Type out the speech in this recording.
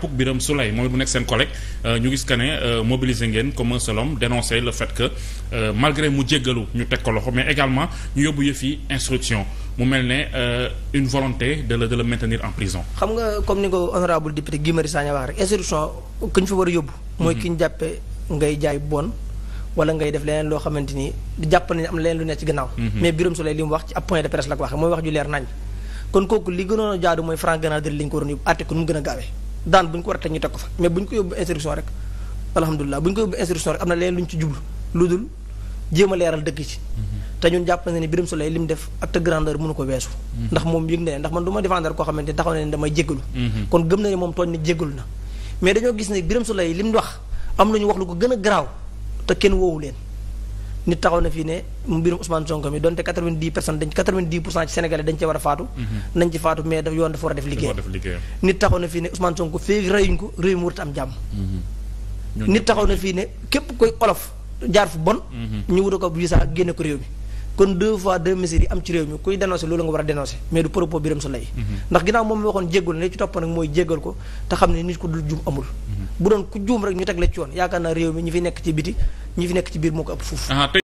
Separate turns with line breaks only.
jàppug Birame Souleye moom it mu nekk seen collègue euh, ñu gis que ne euh, mobiliser ngeen comme un seul dénoncer le fait que euh, malgré mu jéggalu ñu teg ko loxo mais également ñu yóbbu yëf instruction mu mel ne une volonté de le de le maintenir en prison.
xam nga comme ni ko honorable député Guy Marius Sagna wax rek instruction ku ñu fa war a yóbbu. mooy mhm. ki ñu jàppee ngay jaay bon. wala ngay def leneen loo xamante ni jàpp nañu am leneen lu ne ci gannaaw. Mhm. mais Birame Souleye li daan bu ñu ko war a teg ñu teg ko fa mais bu ñu ko yóbbu instruction rek alhamdulilah bu ñu ko yóbbu instruction rek am na leen lu ñu ci jublu lu dul jéem a leeral dëkk ci mm-hmm. te ñun jàpp na ne Birame Souleye li mu def acte grandeur mënu ko weesu mm-hmm. ndax moom yëg na ne ndax man duma ma défendre koo xamante ne taxaw na ne damay jéggalu mm-hmm. kon gëm na ne moom tooñ ne jéggalu na mais dañoo gis ne Birame Souleye li mu wax am na ñu wax lu ko gën a garaaw te kenn woowu leen nit taxaw na fii ne mbirum Ousmane Sonko mi donte quatre vingt dix personnes dañ quatre vingt dix pour cent ci Sénégalais dañ ci war a faatu mhm. nañ ci faatu mais daf yoon dafa war a def liggéey nit taxaw na fii ne Ousmane Sonko fii reyuñ ko réew mi warut am jàmm
mhm. nit
taxaw na fii ne képp koy olof jaar fu bon mhm. ñu wuta ko visa génne ko réew mi kon deux fois deux mesures am ci réew mi kuy dénoncé loolu nga war a dénoncé mais du propos Birame Souleye mhm. ndax ginnaaw moom mi waxoon jéggal ne ci topp nag mooy jéggal ko te xam ne nit ku dul juum amul mhm. bu doon ku juum rek ñu teg la ci yoon yaakaar naa réew mi ñi fi nekk ci biti ñi fi nekk ci biir moo ko ëpp fuuf ah,